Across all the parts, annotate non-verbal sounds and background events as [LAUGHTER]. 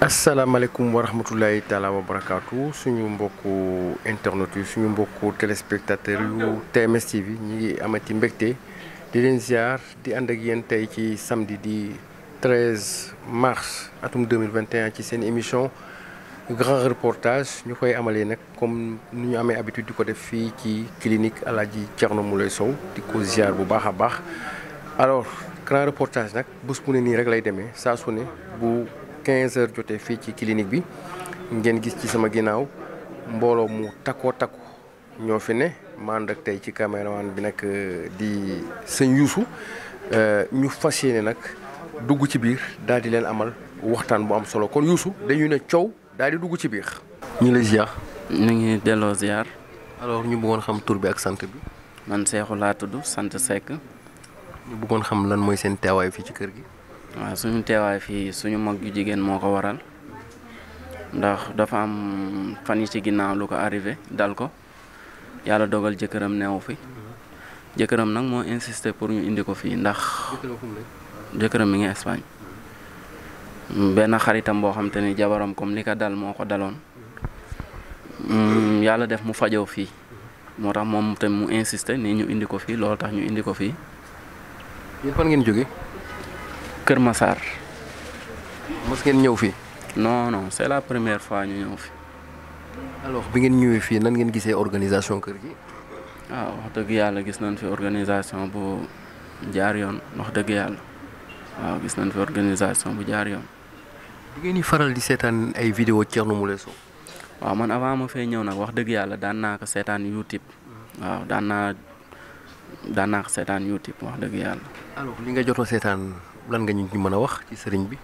asalaamaaleykum wa rahmatulahi taala wa barakaatu suñu mbokku internet yi suñu mbokku téléspectateur yu TMS TV ñi ngi amati mbégte di leen ziar di ànd ak yéen tey ci samdi di 13 mars atum 2021 ci seen émission grand reportage ñu koy amalee nag comme ni ñu amee habitude di ko def fii ci clinique Alaaji mu lay Sow di ko ziar bu baax a baax alors grand reportage nag bés bu ne nii rek lay demee saa su bu. 15 heures jotee fii ci clinique bi ngeen gis ci sama ginnaaw mbooloo mu takkoo takku ñoo fi ne ma tey ci caméraman bi nag euh, di sëñ Youssou euh, ñu fas yéene nag dugg ci biir daal di leen amal waxtaan bu am solo kon Youssou dañu ne coow daal di dugg ci biir. ñu lay ziar. ñu ngi delloo ziar. alors ñu bëggoon xam turbe ak sant bi. man Seexu laa tudd sant Seck. ñu buggoon xam lan mooy seen teewaay fii ci kër gi. waaw suñu teewaay fii suñu mag ju jigéen moo ko waral ndax dafa am fan yi ci ginnaaw lu ko arriver dal ko yàlla dogal jëkkëram neewu fi jëkkëram nag moo insister pour ñu indi ko fii ndax jëkkëram mi ngi Espagne benn xaritam boo xam te ni jabaram comme li ko dal moo ko daloon mm, yàlla def mu fajoo fii moo tax moom tamit mu insisté nii ñu indi ko fii loolu tax ñu indi ko fii. yéen ngeen jóge Kër Massar. mos ngeen ñëw fii. non non c'est la première fois ñu ñëw fi alors bi ngeen ñëwee fii nan ngeen gisee organisation kër gi. waaw ah, wax dëgg yàlla gis nañ fi organisation bu jaar yoon wax dëgg yàlla gis nañ fi organisation bu jaar yoon. di ngeen di faral di seetaan ay vidéo Thierno Moule Sow. waaw man avant ma fee ñëw nag wax dëgg yàlla daan naa ko seetaan YouTube waaw daan naa daan naa ko seetaan YouTube wax dëgg yàlla. alors li nga jot seetaan lan nga ñu mën a wax ci sëriñ bi.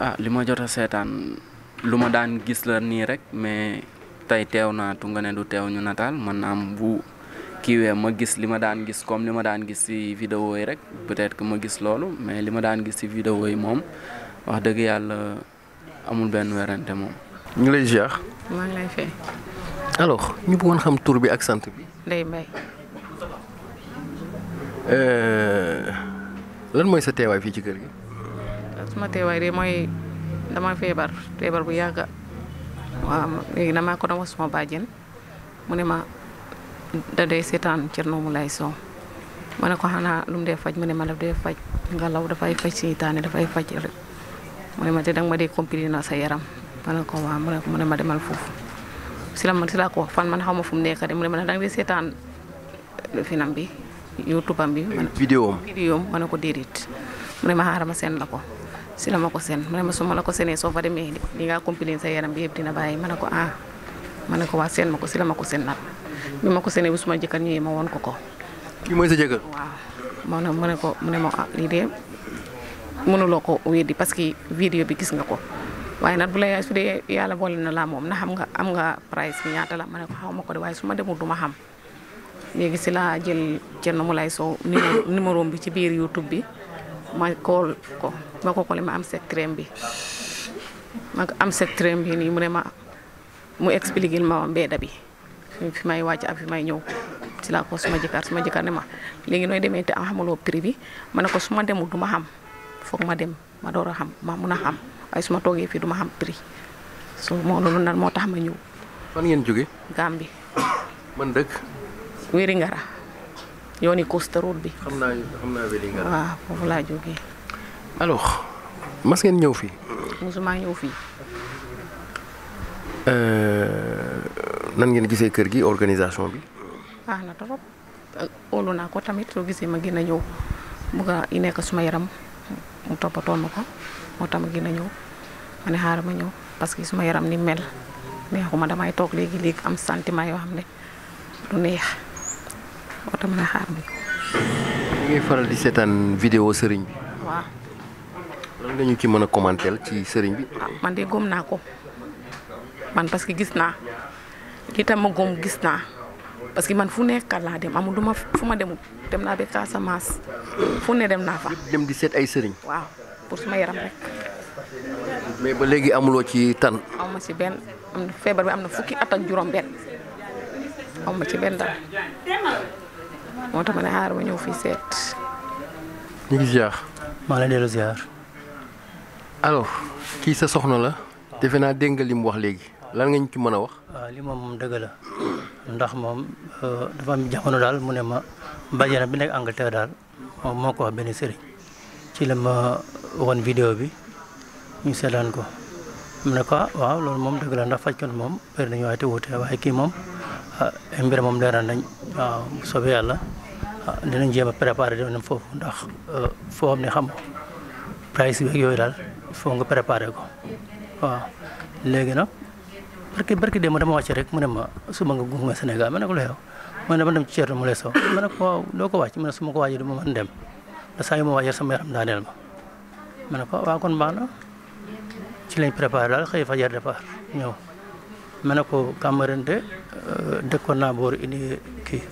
ah li ma jot seetaan lu ma daan gis la nii rek mais tey teew naa tunga ne du teew ñu nataal man am bu kiiwee ma gis li ma daan gis comme li ma daan gis ci vidéo yi rek ma gis loolu li ma daan gis ci vidéo yi moom wax dëgg yàlla amul benn werante moom. ñu lay ziar. maa ngi lay fay. alors ñu bëggoon xam tur bi ak sant bi. lan mooy sa teewaay fii ci kër gi. suma teewaay de mooy dama feebar feebar bu yàgg waaw léegi damaa ko doon wax suma bàjjen mu ne ma da day seetaan Thierno Moulay Sow ma ko xanaa lu mu dee faj mu ne ma daf dee faj ngalaw dafay faj seytaane dafay faj rek mu ne ma te danga ma dee comprimé na sa yaram ma ne ko waaw mu ne ma demal foofu si la ma si laa ko wax fan man xaw ma fu mu nekk de mu ne ma danga dee seetaan finam bi. youtube am bi. vidéo am ko déedéet mu ne ma xaaral seen la ko si la ma ko seen mu ma su ma la ko seenee soo fa demee li nga compilé sa yaram bi yëpp dina bàyyi ma ne ko ah ma ne ko waa seen ma ko si la ma ko seen nag bi ma ko seenee bu suma jëkkër ñëwee ma woon ko ko. kii mooy sa jëkkër. waaw ma ne ko mu ne ma ah lii de mënuloo ko weddi parce que vidéo bi gis nga ko. waaye nag bu la su dee yàlla boole na laa moom na xam nga am nga price ñaata la ma ne ko ma ko de waaye su ma demul du ma xam. léegi si laa jël Thierno Moulay Sow numéro bi ci biir tub bi ma kool ko ma ko kole ma am sec bi ma am sec bi nii mu ne ma mu expliqué ma mbeeda bi fi may wàcc ak fi may ñëw si laa ko suma jëkkër suma jëkkër ne ma léegi nooy demee te am xamuloo prix bi ma ne ko su ma demul du xam foog ma dem ma door a xam ma mun a xam waaye su ma toogee fii duma xam prix so moo loolu nag moo tax ma ñëw. fan ngeen wéri ngara yooni costa route bi. xam naa xam naa wéri ngara. waaw foofu laa jógee. alors mas ngeen ñëw fii. mosuma ñëw fii. Euh, nan ngeen gisee kër gi organisation bi. baax na trop óolu naa ko tamit soo gisee ma gën a ñëw bugg a nekk suma yaram mu toppatoo ma ko moo tax ma gën a ñëw ma ne xaaral ma ñëw parce que suma yaram ni mel neexuma damay toog léegi léegi am sentiment yoo xam ne du neex. oto naa a xaar bi ngay faral di seetaan vidéo sëriñ bi waaw mën a commenter ci sëriñ bi waaw ah, man de góom naa ko man parce que gis naa li tam ma góom gis naa parce que man fu nekkat laa dem amul ma fu ma demul dem naa ba Casamance fu ne dem naa fa dem di seet ay sëriñ waaw pour suma yaram rek mais ba léegi amuloo ci tan aw ci benn am feebar bi am na fukki at ak juróom benn aw ci benn dara moo tax ma ne xaar ma ñëw fii seet. ñu ngi ziar. maa leen dellu ziar. alors kii sa soxna la. defe naa dégg nga li mu wax léegi. lan nga ñu ci mën a wax. Ah, li moom moom dëgg la ndax moom euh, dafa am jamono daal mu ne ma bàjjenam bi nekk Angleterre daal moom moo ko wax benn ci la ma wan bi ñu seetaan ko mu ne ko ah, waaw loolu moom dëgg la ndax fajkat moom bëri nañu waaye te wuute waaye kii moom ah, mbir moom leeral nañ waaw bu soobee yàlla. Ah, dinañ jéem a préparé dem foofu ndax euh, foo xam ne xam price beeg yooyu daal foo nga préparé ko waaw léegi nag barke barke démb dama wàcc rek mu ne ma suba nga gunge Sénégal ma ne ko lu xew ma ne ma dem ci Thierno Moule ma ne ko waaw doo ma ne su ma ko wàccee du ma dem ndax saa yu ma wàccee sama yaram daaneel ma ma ne ko waaw baax na ci lañ préparé daal xëy fajar départ ñëw ma ne ko Cambérène euh, dëkkoon naa boor indi kii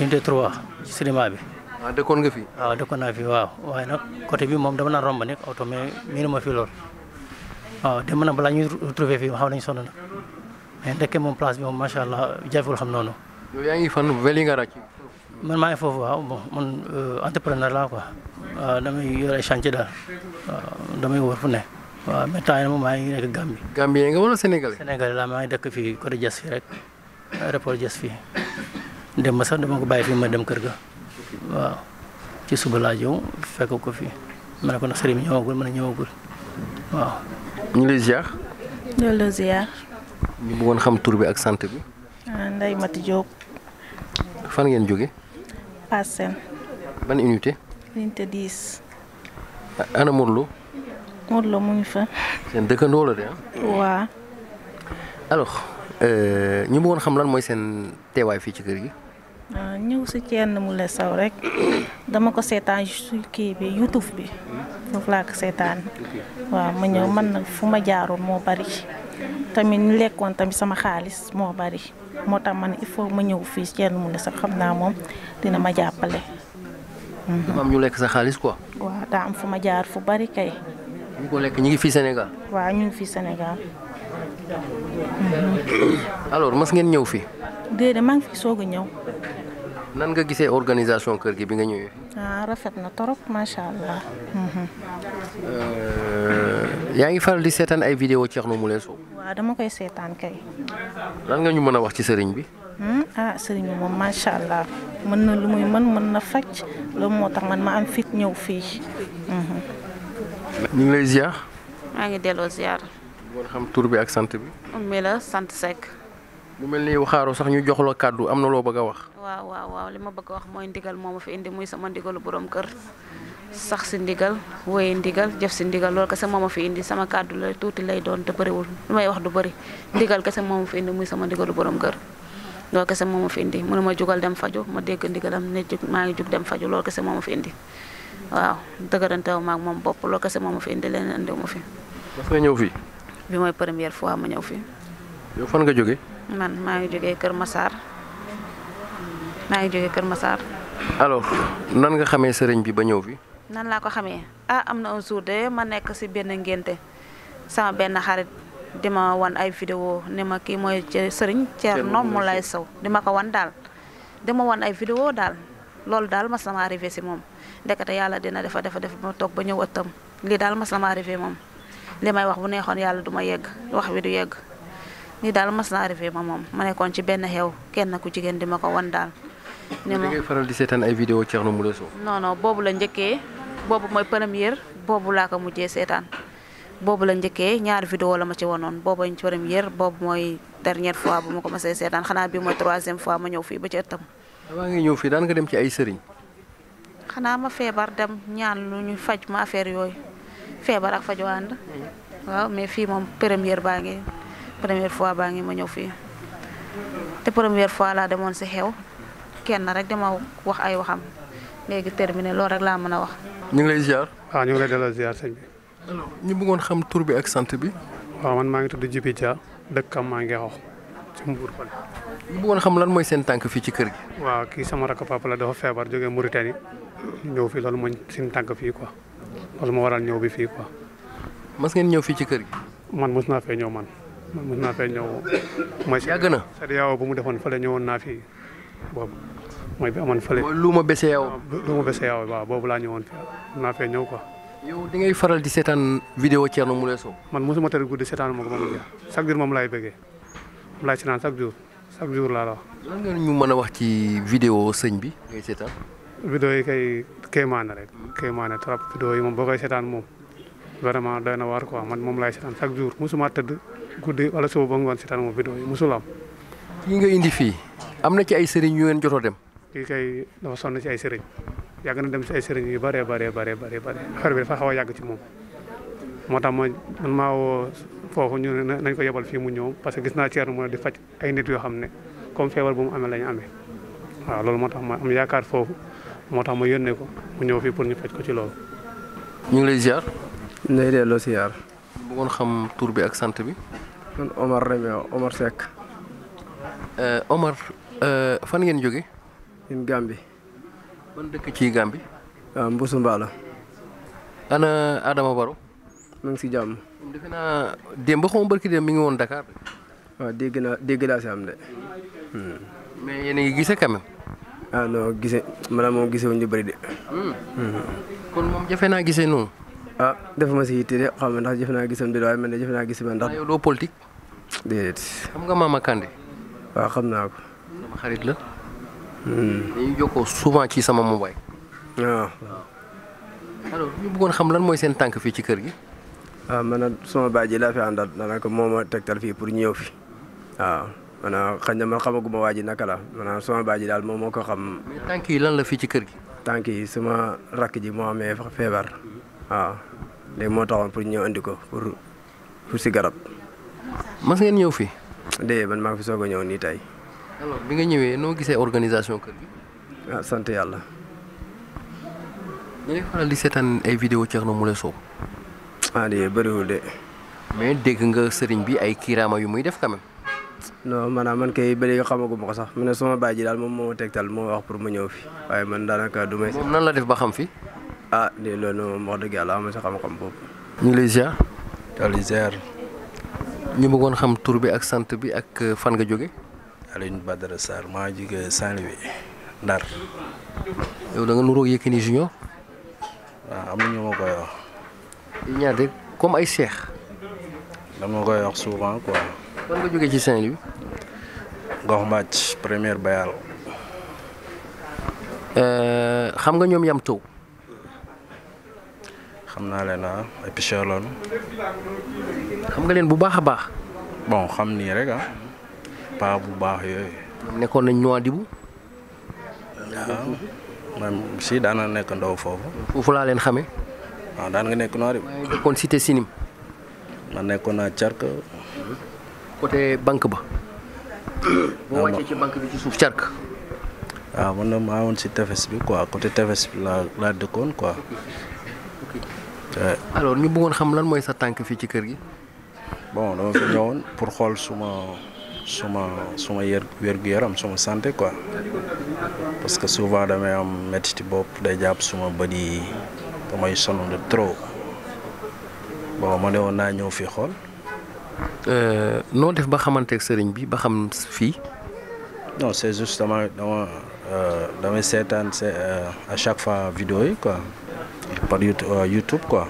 unité 3 ci cinéma bi. Ah, dëkkoon nga fi. waaw ah, dëkkoon naa fi waaw waaye nag côté bi moom dama naa romb nekk oto mais miinu ma fi lool waaw dem na balaa ñuy trouvé fii xaw nañu sonn na mais ndeke moom place bi moom macha allah jafewul xam noonu. yow yaa ngi fan veli nga ràcc. man maa ngi foofu waaw bon man euh, entrepreneur laa quoi damay yor ay daal damay wër fu ne waaw mais temps yii moom maa ngi nekk Gambie. Gambie nga wala Sénégalais. laa maa ngi dëkk fii côté Diass rek aéroport Diass fii. dem ma sax dama ko bàyyi fii ma dem kër ga waaw ci suba laa jëw fekk ko fii ma ne ko nag sëriñ bi ñëwagul ma ne ñu lay xam tur bi ak sant bi. Ah, Ndeye Mati Diop. ngeen jóge Passen. ban unité. unité 10. Ah, ana Modou Lo. Modou Lo mu ngi ah. euh, ñu bëggoon xam lan mooy seen teewaay fii ci kër gi. Ah, ñëw si ceen Moule Sow rek dama ko seetaan su kii bi youtube bi foofu laa seetaan waaw ma ñëw man nag fu ma jaaroon moo bari tamit ñu lekkoon tamit sama xaalis moo bari moo tax man il faut ma ñëw fii Thierno Moule Sow xam naa moom dina ma jàppale. dafa am lekk sa xaalis quoi. fu ma jaar fu bari kay. lekk ñu ngi fii Sénégal. waaw ñu fii Sénégal. [COUGHS] alors mas ngeen ñëw fii. déedéet maa ngi fi soog a ñëw. nan nga gisee organisation kër gi bi nga ñëwee. ah rafet na torop macha allah. Mhm. Euh, yaa ngi faral di seetaan ay video vidéo Thierno Moule Sow. waaw dama koy seetaan kay. lan nga ñu mën a wax ci sëriñ bi. Hmm? ah sëriñ bi moom macha allah mën na lu muy mën mën na faj loolu moo tax man ma am fit ñëw fii. Mhm. ñu ngi lay ziar. maa ngi delloo ziar. di xam tur bi ak sant bi. ummi la sant Seck. lu mel ni xaaru sax ñu jox la kàddu am na loo bëgg a wax. waaw waaw li ma bëgg a wax mooy ndigal moo ma fi indi muy sama ndigalu borom kër sax si ndigal wéy ndigal jëf si ndigal loolu kese moo ma fi indi sama kàddu la tuuti lay doon te bëriwul lu wax du bëri ndigal kese moo ma fi indi muy sama ndigalu borom kër. loolu kese moo ma fi indi mu ne ma jugal dem faju ma dégg am ne jug maa ngi jug dem faju loolu kese moo ma fi indi waaw dëgëranteewu ma moom bopp loolu kese moo ma fi indi leneen andiwu ma fi. mas nga ñëw fii. bi mooy première fois ma ñëw fii. yow fan nga jóge man maa ngi jógee Kër masaar maa ngi jógee Kër masaar alors nan nga xamee sëriñ bi ba ñëw fi. nan laa ko xamee ah am na un jour de ma nekk ci benn ngénte sama benn xarit di ma wan ay vidéo ne ma kii mooy sëriñ Thierno Moulay Sow di ma ko wan daal di ma wan ay vidéo daal loolu daal mas na ma arrivé ci moom ndekete yàlla dina defa defa def ma toog ba ñëw ëttam lii daal ma sama ma moom li may wax bu neexoon yàlla du ma yegg wax bi du yegg. nii daal mas na ma moom ma nekkoon ci benn xew kenn ku jigéen di ma ko wan daal. ni ma ngay faral di seetaan ay vidéo Thierno Moule Sow. non non boobu la boobu laa ko mujjee seetaan boobu la njëkkee ñaar vidéo la ma ci wanoon boobu ñu ci première boobu mooy dernière fois bu ma ko masee seetaan xanaa bi mooy troisième fois ma ñëw fii ba ci ëttam. fii daan nga dem ci ma feebar dem ñaan lu ñu faj ma affaire yooyu feebar ak faju ànd hmm. waaw mais fii moom première baa ngi. première fois baa ngi ma ñëw fii te première fois laa demoon si xew kenn rek dama wax ay waxam léegi terminé loolu rek laa mën a wax. ñu ngi lay ziar. waaw ah, ñu ngi lay delloo ziar sëñ bi. ñu bëggoon xam tur bi ak sant bi. waaw man maa ngi tudd Djibi Dia dëkk am maa ngi wax ci Mbour fële. ñu bëggoon xam lan mooy seen tànk fii ci kër gi. waaw kii sama rakk papa la dafa feebar jógee Mauritanie ñëw fii loolu mooy seen tànk fii quoi loolu moo waral ñëw bi fii quoi. mas ngeen ñëw fii ci kër gi. man mos naa fee ñëw man. man mos naa fee ñëw. mooy yàgg na CEDEAO bu mu defoon fële ñëwoon naa fi boobu mooy bi amoon fële. mooy luuma BCEAO. Ah, luuma waaw boobu laa ñëwoon fii fee ñëw ko yow di ngay faral di seetaan vidéo Thierno Moule Sow. man mosuma tëdd guddi seetaan ma ko moom moom laay bëggee moom laay seetaan chaque jour chaque jour laa la wax. lan nga ñu mën a wax ci vidéo sëñ bi ngay seetaan. vidéo yi kay kéemaane rek kéemaane trop vidéo yi moom boo seetaan moom vraiment doy na waar quoi moom laay seetaan chaque jour mosuma tëdd. guddi wala suba ba ngoon seetaan moom vidéo yi mosul am. kii nga indi fii am na ci ay sëriñ yu ngeen jotoo dem. kii kay dafa sonn ci ay sëriñ yàgg na dem ci ay sëriñ yu bëree bëree bëree bëri affaire bi dafa xaw a yàgg ci moom moo tax ma man maa woo foofu ñu ne nañ ko yebal fii mu ñëw parce que gis naa Thierno mu ne di faj ay nit yoo xam ne comme feebar bu mu amee la ñu amee waaw loolu moo tax ma am yaakaar foofu moo tax ma yónnee ko mu ñëw fii pour ñu faj ko ci loolu. ñu ngi lay ziar. ñu ngi lay delloo ziar. bëggoon xam tur bi ak sant bi. man Omar Réméo Omar Seck. Eh, Omar eh, fan ngeen jóge ñun Gambie. ban dëkk ci Gambie. waaw ah, Mbuusu Mbaalo. ana Adama Barrow. mu si jàmm. defe naa démb barki démb mi ngi won Dakar. waaw ah, dégg naa si am de. Hmm. mais yéen a ngi gisee quand même. ah non gisee maanaam moom gisee wuñ ñu bëri de. Hmm. Hmm. kon moom jafe naa gisee noonu. Ah, def ma si yitte de xaw ndax jëf naa gisam déet waaye man de jëf naa gisuma ndax. Ah, yow doo politique. déedéet. xam nga Mama Kandé. waaw xam naa ko. sama xarit la. Hmm. dañuy jokkoo souvent ci sama mobile. waaw. Ah. ñu bëggoon xam lan mooy seen tànk fii ci kër gi. man nag sama baay ji laa fi àndal daanaka moo ma tegtal fii pour ñëw fi waaw maanaam xëy na man xamaguma waa ji naka la maanaam sama baay ji daal moom moo ko xam. mais tànk yi lan la fii ci kër gi. tànk yi sama rakk ji moo amee feebar. waaw léegi moo taxoon pour ñëw andi ko pour si garab. mas ngeen ñëw fii. déedéet man maa fi soog a ñëw nii tey. bi nga ñëwee noo gisee organisation kër gi. ah sant yàlla. ñu ngi faral di seetaan ay vidéo Thierno Moule Sow. ah de bariwul de. mais dégg nga sëriñ bi ay kiiraama yu muy def quand même. non maanaam man kay ba léegi xamaguma ko sax mu ne sama baay ji daal moom moo tegtal moo wax pour ma ñëw fi waaye man daanaka du may. moom nan la def ba xam fi. ah lii loolu moom wax dëgg yàlla ama si xam-xam boobu. ñu ngi lay ziar. daal di bëggoon xam tur bi ak sant bi ak euh, fan nga jóge Alioune Badara Sarr maa jóge Saint-Louis Ndar. yow da nga nuroog Yékini Junior. waaw am na ñu ma koy wax. ñaar comme ay seex. dama koy wax souvent quoi. fan nga jóge ci Saint-Louis. Gox Mbacc première bayal. Euh, xam nga ñoom yam taw. xam naa leen ah ay xam nga leen bu baax a baax. bon xam nii rek ah pas bu baax yooyu. nekkoon nañ Nouadhibou. waaw man si daan na nekk ndaw foofu. foofu laa leen xamee. waaw ah, daan nga nekk Nouadhibou. maa ngi nekkoon cité Sinim. ma nekkoon naa Carc. côté banque ba. [COUGHS] boo ah, wàccee ci banque bi ci suuf Carc. waaw ah, man na maa woon si tefes bi quoi côté tefes bi laa laa dëkkoon quoi. alors ñu buggoon xam lan mooy sa tànk fii ci kër gi. bon dama fi ñëwoon pour xool suma suma suma yër wérgu yaram suma santé quoi parce que souvent damay am métti bopp day jàpp suma bët yi damay sono de trop bon ma ne woon naa ñëw fii xool. Euh, noo def ba xamanteeg sëriñ bi ba xam fii. non c'est juste dama euh, damay seetaan c'est euh, à chaque fois vidéo yi quoi. par euh, YouTube quoi.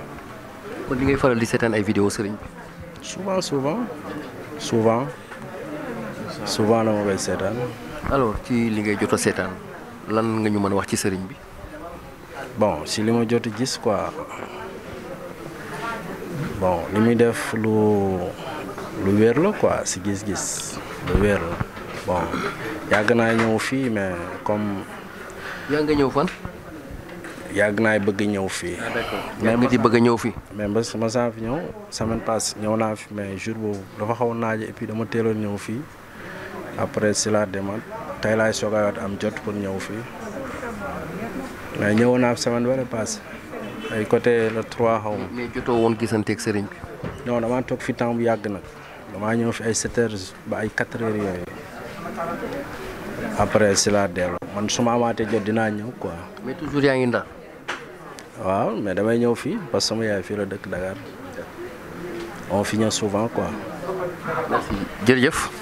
kon li ngay faral di seetaan ay vidéo sëriñ bi. souvent souvent souvent souvent la ma koy seetaan. alors ci li ngay jot a seetaan lan nga ñu mën a wax ci sëriñ bi. bon si li ma jot gis quoi bon li muy def lu lu wér la quoi si gis-gis lu wér la bon yàgg naa ñëw fii mais comme. yaa nga ñëw fan. yàgg naa bëgg ñëw fii. Ah, mais nga ci bëgg ñëw fii. mais ba sama saa ñëw semaine passe ñëw naa fi mais jour boobu dafa xaw naaj et dama teeloon ñëw fii après si la demande tey laay soogaat am jot ñëw fii mais ñëwoon naa semaine wala passe ay côté le 3 xaw jotoo woon gisanteeg sëriñ bi. non damaa toog fi temps bu yàgg nag damaa ñëw fi ay 7 ba ay 4 heures après si la dellu man su ma amaatee jot dinaa ñëw quoi. mais toujours yaa ngi ndar. waaw mais damay ñëw fii parce que sama yaay fii la dëkk Dakar on finit souvent quoi. merci jërëjëf.